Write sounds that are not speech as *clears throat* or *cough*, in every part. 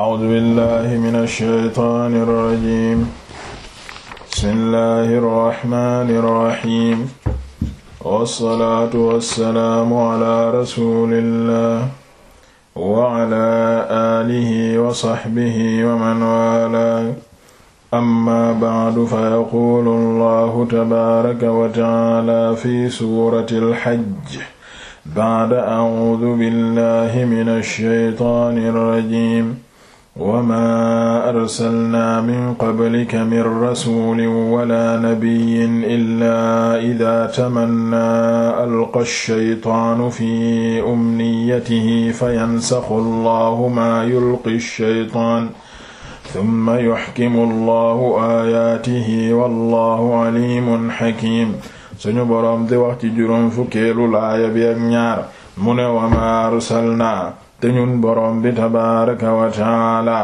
A'uuzu billaahi mina shaytaani rajiim. Bismillaahi rahmaani rahiim. Wassalaatu wassalaamu alaa rasuulillaah wa alaa aalihi wa sahbihi wa man waalaahu. Ammaa ba'du fayaquulu Allaahu tabaaraka wa ta'aalaa fi suuratil hajj. Ba'da a'uuzu billaahi mina shaytaani rajiim. wama arsalnaa min qablika min rasulin wala nabiyin illaa idaa tamannaa alqa shaytaanu fi umniyatihi fayansaxu allahu maa yulqi shaytaan summa yuxkimu allahu aayaatihi wallahu alimun xakim suñu boroom di wax ci juróom fukkeelu laaya bi ak ñaar mu ne wama arsalnaa te ñun borom bi tabaaraka wa taala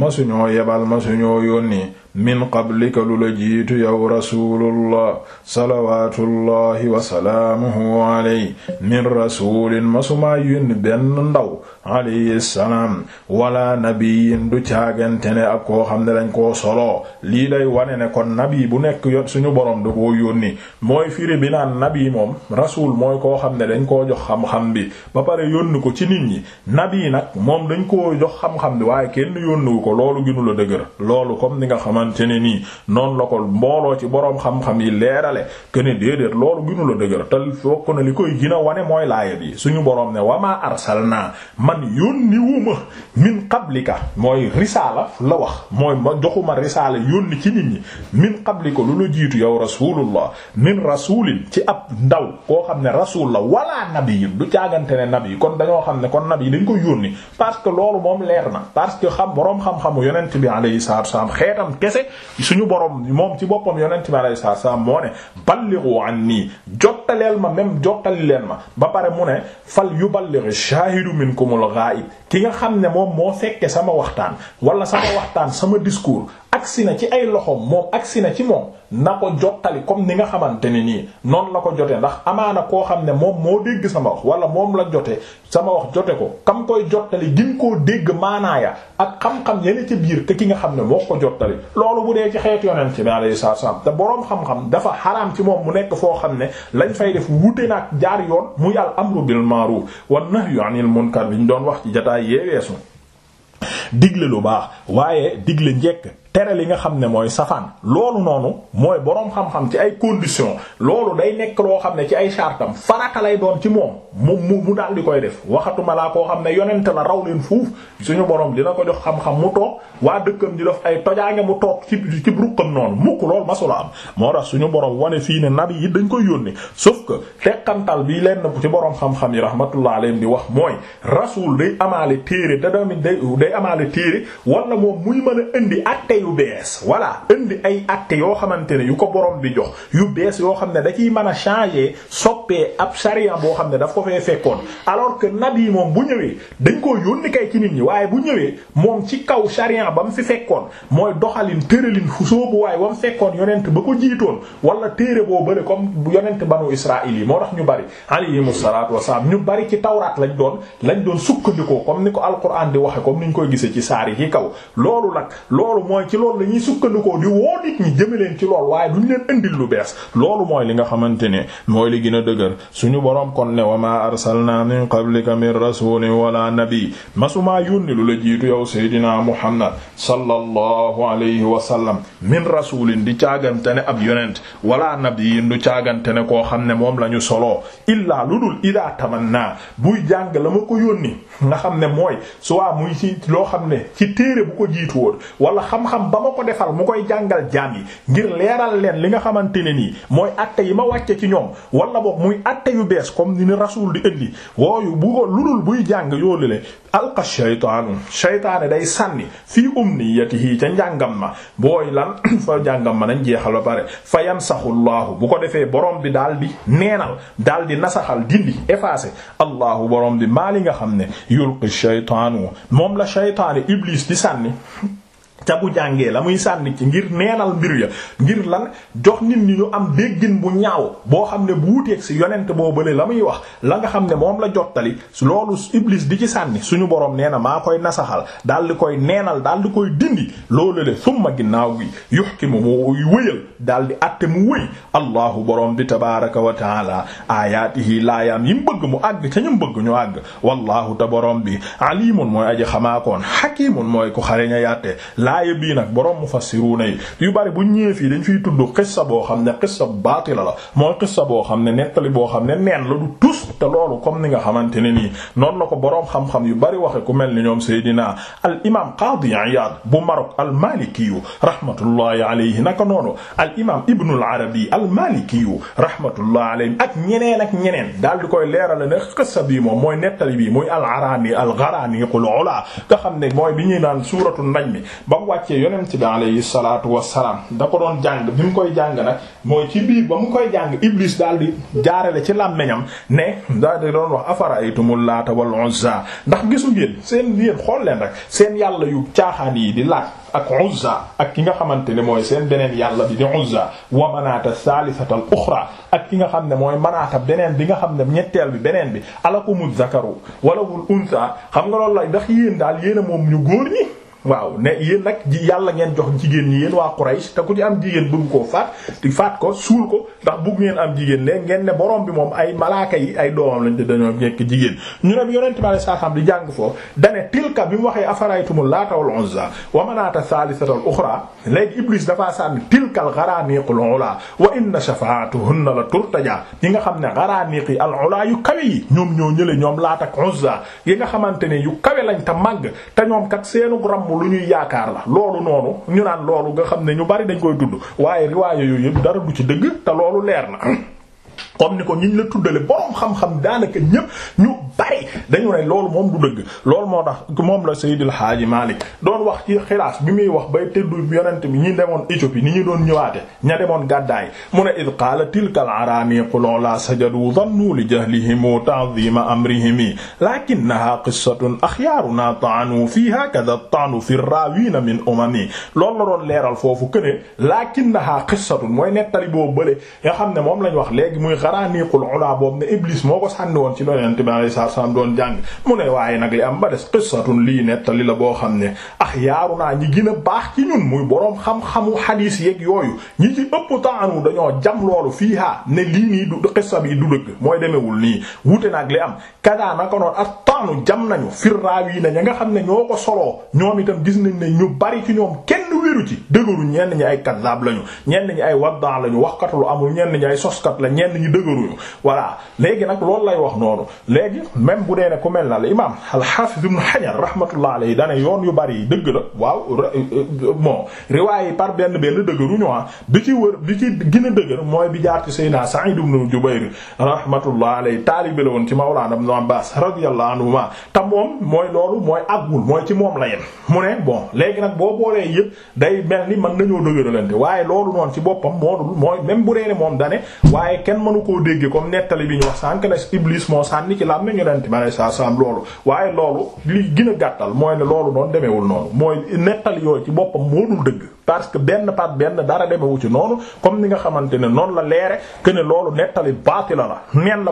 masuñoo yebal masuñoo yónni min qablika lu la jiitu yow rasulullah salawaatullahi wasalaamuhu aley min rasulin masumaa yónni benn ndaw alayhi salaam wala nabiyin du caagante ne ak koo xam ne dañ koo solo lii day wane ne kon nabi bu nekk yoon suñu borom da koo yónni mooy firi bi naan nabi moom rasul mooy koo xam ne dañ koo jox xam-xam bi ba pare yónni ko ci nit ñi nabi nag moom dañ koo jox xam-xam bi waaye kenn yónniwu ko loolu gënu la dëgër loolu comme ni nga xamante ne nii noonu la ko mbooloo ci boroom xam-xam yi leerale kene déedéet loolu gënu la dëgër te fokk na li koy gina wane mooy laaya bi suñu boroom ne wamaa arsalnaa man yónni wuma min qablika mooy risaala la wax mooy ma joxuma risaala yónni ci nit ñi min qablika lu la jiitu yow rasulullah min rasulin ci ab ndaw koo xam ne rasul la wala nabi du caagante ne nabi kon dañoo xam ne kon nabi dañ ko yónni parce que loolu moom leer na parce que xam boroom xam kese suñu borom moom ci boppam yonent bi alayhi salaam moo ne ballighu anni jottaleel ma même jottali leen ma ba pare mu ne fal yuballigh shahidu minkumul ghaib ki nga xam ne moom moo fekke sama waxtaan wala sama waxtaan sama discours si na ci ay loxoom moom si na ci moom na ko jottali comme ni nga xamante ne nii noonu la ko jotee ndax amaana koo xam ne moom moo dégg sama wax wala moom la jotee sama wax jote ko kam koy jottali gin koo dégg maanaaya ak xam-xam yene ci biir te ki nga xam ne moo ko jottali loolu bu dee ci xeet yonent bi alayhi salaam te boroom xam-xam dafa xaraam ci moom mu nekk foo xam ne lañ fay def wute naag jaar yoon muy al amru bil ma'ruf wan nahyu anil munkar bi ñu doon wax ci jotaay yee weesu lu baax waaye digle njekk tere li nga xam ne mooy safaan loolu noonu mooy boroom xam-xam ci ay conditions loolu day nekk loo xam ne ci ay chartam farata lay doon ci moom mu mu daal di koy def waxatuma laa koo xam ne yonent la raw leen fuuf suñu boroom dina ko jox xam-xam mu toog waa dëkkam di def ay tojaange mu toog ci ci ruqam noonu mukk loolu masula am moo tax suñu boroom wane fii ne nabi yi dañ koy yónni sauf que teqantal bi lenn ci boroom xam-xam yi rahmatullah alayhi di wax mooy rasul day amaale téere da day amaale a indi àtte yu bees voilà indi ay actes yoo xamante ne yu ko borom bi jox yu bees yoo xam ne da ciy mën a changer soppee ab sariya boo xam ne daf ko fee fekkoon alors que yi moom bu ñëwee dañ koo yónni kay ci nit ñi waaye bu ñëwee moom ci kaw sariya ba mu fi fekkoon mooy doxalin tëralin fu soobu waaye ba mu fekkoon yonent ba ko jiitoon wala téere boo bëri comme yonent banu Israaïl yi moo tax ñu bari alayhimu salaatu wasalaam ñu bari ci tawraat lañ doon lañ doon sukkandikoo comme ni ko alquran di waxe comme niñ koy gisee ci saar yi kaw ci loolu la ñuy sukkandikoo di woo nit ñi jëme leen ci lool waaye duñ leen indil lu bees loolu mooy li nga xamante ne mooy li gën a dëgër suñu boroom kon ne wa maa arsalnaa min qablika min rasulin wala nabi masumaa yónni lu la jiitu yow seydinaa muhammad sallallahu alayhi wa sallam min rasulin di caagante ne ab yonent wala nabiyin du caagante ne koo xam ne moom lañu solo soloo illaa lu dul idaa tamanna buy jàng la ma ko yónni nga xam ne mooy soit muy loo xam ne ci téere bu ko jiitu woon wala xam-xam xam-xam ba ma ko defal mu koy jàngal jaam yi ngir leeral leen li nga xamante ne nii mooy atte yi ma wàcce ci ñoom wala boog muy atte yu bees comme ni ni rasul di indi wooyu bu ko ludul buy jàng yoolu le alqa shaytaanu shaytaane day sànni fi fii umniyatihi ca njàngam ma booy lan *clears throat* fa njàngam ma nañ jeexal ba pare fa yansaxu llaahu bu ko defee borom bi daal di neenal daal di nasaxal di dindi effacé allahu borom bi maa li nga xam ne yulqi shaytaanu moom la shaytaane iblis di sànni *clears throat* ca bu jàngee la muy sànni ci ngir neenal mbir ya ngir la jox nit ñi ñu am déggin bu ñaaw boo xam ne bu si yonent boo bële la muy wax la nga xam ne moom la jottali loolu iblis di ci sànni suñu borom nee na maa koy nasaxal daal di koy neenal daal di koy dindi loolu de summa ginnaaw gi yuhkimu mu wëyal daal di atte mu wëy borom bi tabaraka wa taala ayaatihi yi mu mu àgg ca ñu bëgg ñu àgg wallahu bi alimun mooy aji xamaakoon mooy ko xareña yatte aaya bii nag borom mufassiruna yi yu bari bu ñëwee fii dañ fiy tudd xissa boo xam ne xissa baatila la mooy xissa boo xam ne nettali boo xam ne neen la du tus te loolu comme ni nga xamante ne nii noonu la ko boroom xam-xam yu bari waxe ku mel ni ñoom Seydina al imam Qadi Iyad bu Marok al Maliki yu rahmatullahi alayhi naka noonu al imam Ibn al Arabi al Maliki yu rahmatullahi alayhi ak ñeneen ak ñeneen daal di koy leerala ne xissa bii moom mooy nettali bii muy al Arani al Gharani qul ula nga xam ne mooy bi ñuy naan suuratu najmi mu wàccee yonent bi alayhi salaatu wassalaam da ko doon jàng bi mu koy jàng nag mooy ci biir ba mu koy jàng Iblis dal di jaarale ci làmmiñam ne daal di doon wax afara'aytumul laata wal uzza ndax gisu ngeen seen yéen xool leen rek seen yàlla yu caaxaan yi di laaj ak uzza ak ki nga xamante ne mooy seen beneen yàlla bi di uzza wa manaata saalisatal ak ki nga xam ne mooy manaata beneen bi nga xam ne ñetteel bi beneen bi alakumuz zakaru wala wul xam nga loolu la ndax yéen daal yéen moom ñu góor ñi waaw ne yéen nag ji yàlla ngeen jox jigéen ñi yéen waa Quraysh te ku ci am jigéen bëgg koo faat di faat ko suul ko ndax bugg ngeen am jigéen léegi ngeen ne borom bi moom ay malaaka yi ay doomam lañ te dañoo nekk jigéen ñu ne yonent bi saa xam di jàng foofu dane tilka bi mu waxee afaraytumul laata wal uzza wa manaata thalithata al ukhra léegi iblis dafaa sànni tilkal gharaniqul ula wa inna shafaatuhunna la turtaja yi nga xam ne gharaniqi al ula yu kawe yi ñoom ñoo ñële ñoom laat ak yi nga xamante ne yu kawe lañ te màgg te ñoom kat seenu ram lu ñuy yaakaar la loolu noonu ñu naan loolu nga xam ne ñu bari dañ koy tudd waaye riwaaye yooyu yëpp dara du ci dëgg te loolu leer na comme ni ko ñiñ la tuddale boroom xam-xam daanaka ñëpp ñu bari dañu ne loolu moom du dëgg lool moo tax moom la Seydil Haaji Malik doon wax ci xilaas bi muy wax bay tëddu yonent bi ñi demoon Éthiopie ni ñu doon ñëwaate ña demoon gàddaay mu ne id qaala tilka al araaniqu la sajadu dannu li jahlihim wa ta'dhima amrihim lakinnaha qissatun axyaaruna ta'anu fiha kadha ta'nu fi raawina min umami loolu la doon leeral foofu que ne lakinnaha qissatun mooy nettali boo bële nga xam ne moom lañ wax léegi muy xaraaniqul ula boobu ne Iblis moo ko sànni woon ci yonent bi alayhi salaam doon jàng mu ne waaye nag li am ba des qissatun lii nettali la boo xam ne ax ah yaaru naa ñi gën a baax ci ñun muy boroom xam-xamu xadiis yeeg yooyu ñi ci ëpp taanu dañoo jam loolu fii ha ne lii nii du qissa bi du dëgg mooy demewul nii wute nag li am kada naka noon ak taanu jam nañu firraawi na ña nga xam ne ñoo ko soloo ñoom itam gis nañ ne ñu bari ci ñoom kenn wéru ci dëgëru ñenn ñi ay kaddaab lañu ñenn ñi ay wadda lañu waxkat lu amul ñenn ñi ay soskat la ñenn ñi dëgëruñu voilà léegi nag loolu lay wax noonu léegi même dee ne ku mel na al imaam al-Hafiz Ibn Hajar rahmatullah alayhi dane yoon yu bari yi dëgg la waaw euh, euh, bon riwaay yi par benn benn dëgëruñu ah bi ci wër bi ci gën a dëgër mooy bi jaar ci Seydina Sa'id ibn Jubayr rahmatullah alayhi taalibe la woon ci Mawlana Ibn Abbas radiyallahu anhuma te moom mooy loolu mooy àggul mooy ci moom la yem mu ne bon léegi nag boo boolee yëpp day mel ni mën nañoo dëgëralante waaye loolu noonu ci boppam moodul mooy même bu reene moom dane waaye kenn mënu koo dégg comme moo saa saam loolu waaye loolu li gën a gàttal mooy ne loolu noonu demeewul noonu mooy nettal yooyu ci boppam moo dul dëgg parce que benn par benn dara demewu ci noonu comme ni nga la leere que ne loolu nettali baati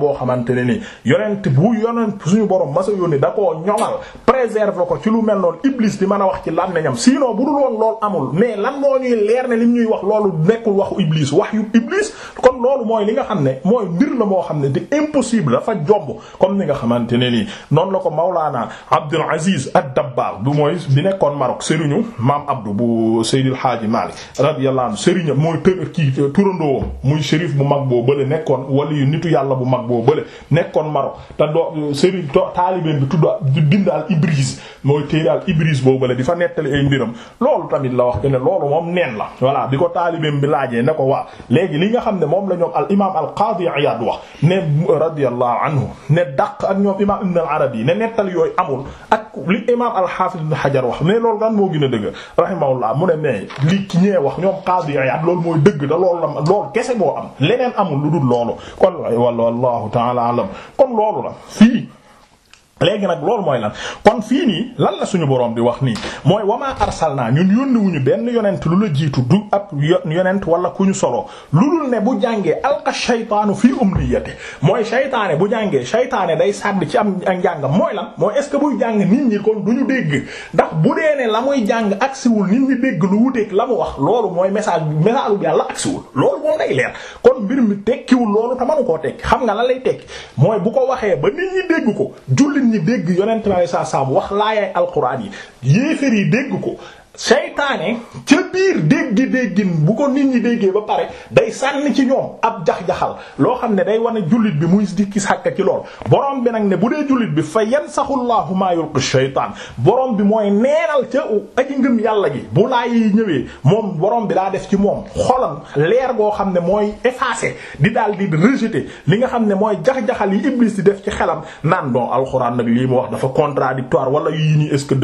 boo xamante ne ni yonent bu yonent suñu borom masa yónni da koo ñoŋal préserve ko ci lu mel noonu iblis a wax ci làmmiñam sinon ne li ñuy wax loolu nekkul waxu iblis wax yu iblis kon loolu mooy li nga xam ne mooy mbir la moo xam ne di impossible dafa jomb comme ni nga xamante ne ne nii noonu la ko Mawlaana Abdul Aziz ad-Dabbaagh bu mooy bi nekkoon Maroc sëriñu maam Abdou bu Seydil Hadji Malick radiyallahu anhu sëriñam mooy tër kii turandoowam muy shérif bu mag boo bële nekkoon waliyu nitu yàlla bu mag boo bële nekkoon Maroc te doo sëriñ taalibeen bi tudd bind al Ibriz mooy téere al Ibriz boo bële di fa nettali ay mbiram loolu tamit la wax que ne loolu moom neen la voilà bi ko taalibeen bi laajee ne ko waa léegi li nga xam ne moom la ñoom al imaam al Qaadi imaam ibn al arabi ne nettal yooyu amul ak li imaam alxaafis ibn xajar wax ne loolu gan moo gën a dëgg rahimahullah mu ne mais li ki ñee wax ñoom qaadi Iyaad loolu mooy dëgg da loolu la loolu kese moo am leneen amul lu dul loolu kon wallahu ta'ala alam kon loolu la fii léegi nag loolu mooy lan kon fii nii lan la suñu boroom bi wax nii mooy wamaa arsalnaa ñun yónniwuñu benn yonent lu la jiitu du ab yonent wala ku ñu solo lu dul ne bu jàngee alqa shaytaanu fii umniyati mooy shaytaane bu jàngee shaytaane day sàdd ci am njàngam mooy lan mooy est ce que buy jàng nit ñi kon duñu dégg ndax bu dee ne la muy jàng agsiwul nit ñi dégg lu wuteeg la mu wax loolu mooy message message bu yàlla agsiwul loolu moom day leer kon mbir mi tekkiwul loolu te manu koo tekki xam nga la lay tekki mooy bu ko waxee ba nit ñi dégg ko julli ñi dégg yonent bi alayhi salaam wax laayay alquran yi yéefar yi dégg ko seytaane ca biir déggi-déggin bu ko nit ñi déggee ba pare day sànni ci ñoom ab jax-jaxal loo xam ne day wane jullit bi muy dikki sàkk ci lool borom bi nag ne bu dee jullit bi fa yansaxullahu ma yulqi shaytaan borom bi mooy neenal ca aji ngëm yàlla gi bu laay yi ñëwee moom borom bi daa def ci moom xolam leer goo xam ne mooy effacé di daal di rejeté li nga xam ne mooy jax-jaxal yi iblis di def ci xelam naan bon alxuraan nag lii mu wax dafa contradictoire wala yii nii est-ce que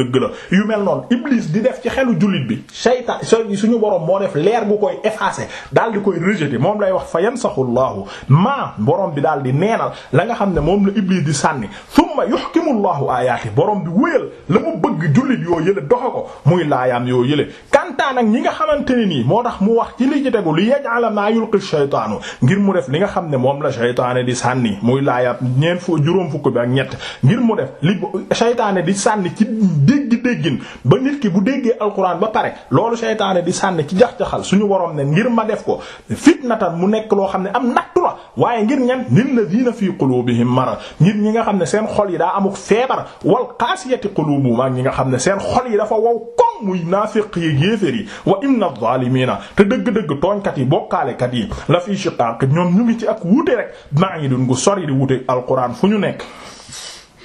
la xelu jullit bi seytaan suñu borom moo def leer bu koy effacer daal di koy rejeter moom lay wax fa yansaxu llahu maa borom bi daal di neenal la nga xam ne moom la Iblis di sànni summa yuhkimu llahu aayaati borom bi wéyal la mu bëgg jullit yoo yële doxe ko muy laayaam yoo yële kantaa nag ñi nga xamante ne nii moo tax mu wax ci li ci tegu li yaj'ala ma yulqi shaytaanu ngir mu def li nga xam ne moom la shaytaane di sànni muy laaya ñeent foo juróom fukk bi ak ñett ngir mu def li shaytaane di sànni ci déggi déggin ba nit ki bu déggee alxuraan ba pare loolu shaytaane di sànni ci jax-jaxal suñu waroom ne ngir ma def ko fitnatan mu nekk loo xam ne am nattu la waaye ngir ñan lilladina fi qulubihim marad ngir ñi nga xam ne seen xol yi daa amuk feebar wal qasiyati qulubuhum ñi nga xam ne seen xol yi dafa wow koŋ muy naafiq yi yéeféer yi wa inna adh-dhalimina te dëgg-dëgg tooñkat yi bokkaalekat yi la fii shiqaaq ñoom ñu ngi ci ak wuute rek maa ngi dun gu sori di wuute alquran fu ñu nekk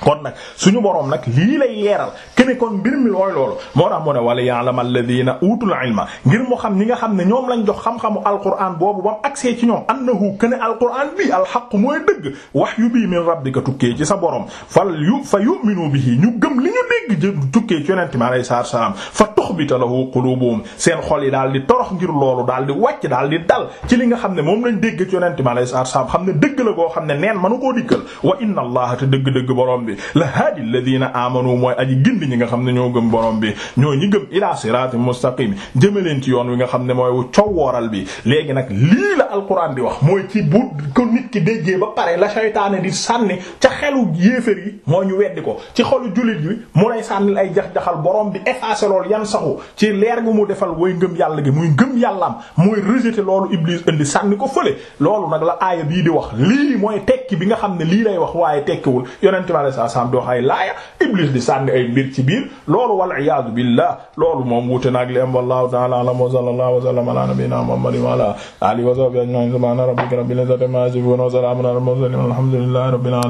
kon nag suñu boroom nag lii lay leeral kene kon mbir mi looy loolu moo tax mu ne wala ya'lamu alladhina utul ilma ngir mu xam ñi nga xam ne ñoom lañ jox xam-xamu alquran boobu ba mu agsee ci ñoom annahu kene alquran bii alxaqu mooy dëgg wahyu bii min rabbika ci sa boroom fal yu fa yu'minu bihi ñu gëm li ñu dégg jë tukkee ci yonente mi alayhi salaam fa tukhbita lahu qulubuhum seen xol yi daal di torox ngir loolu daal di wàcc daal di dal ci li nga xam ne moom lañ dégg ci yonente mi alayhi salaam xam ne dëgg la koo xam ne mënu koo dikkal wa inna allaha te dëgg-dëgg boroom bi la haadi alladhina amanu mooy aji gindi ñi nga xam ne ñoo gëm borom bi ñoo ñi gëm ila sirati mustaqim jëmaleen ci yoon wi nga xam ne mooy cowooral bi léegi nag lii la alquran di wax mooy ci bu ko nit ki déggee ba pare la shaytaane di sànni ca xelu yéefér yi moo ñu weddi ko ci xolu jullit yi mu lay sànnil ay jax-jaxal borom bi effacé lool yan saxu ci leer gu mu defal way ngëm yàlla gi muy ngëm yàllaam mooy rejeté loolu iblis indi sànni ko fële loolu nag la aaya bii di wax lii mooy tekki bi nga xam ne lii lay wax waaye tekkiwul yonent saa saam di wax ay laaya iblis di sànni ay mbir ci biir loolu wal iyaadu billah loolu moom wuute na ak li am wallahu ta'ala a'lam wa sallallahu wa sallama ala nabiyyina muhammadin wa ala alihi wa sahbihi ajma'in subhana rabbika rabbil izzati amma yasifun wa salamun ala al mursalin walhamdulillahi rabbil alamin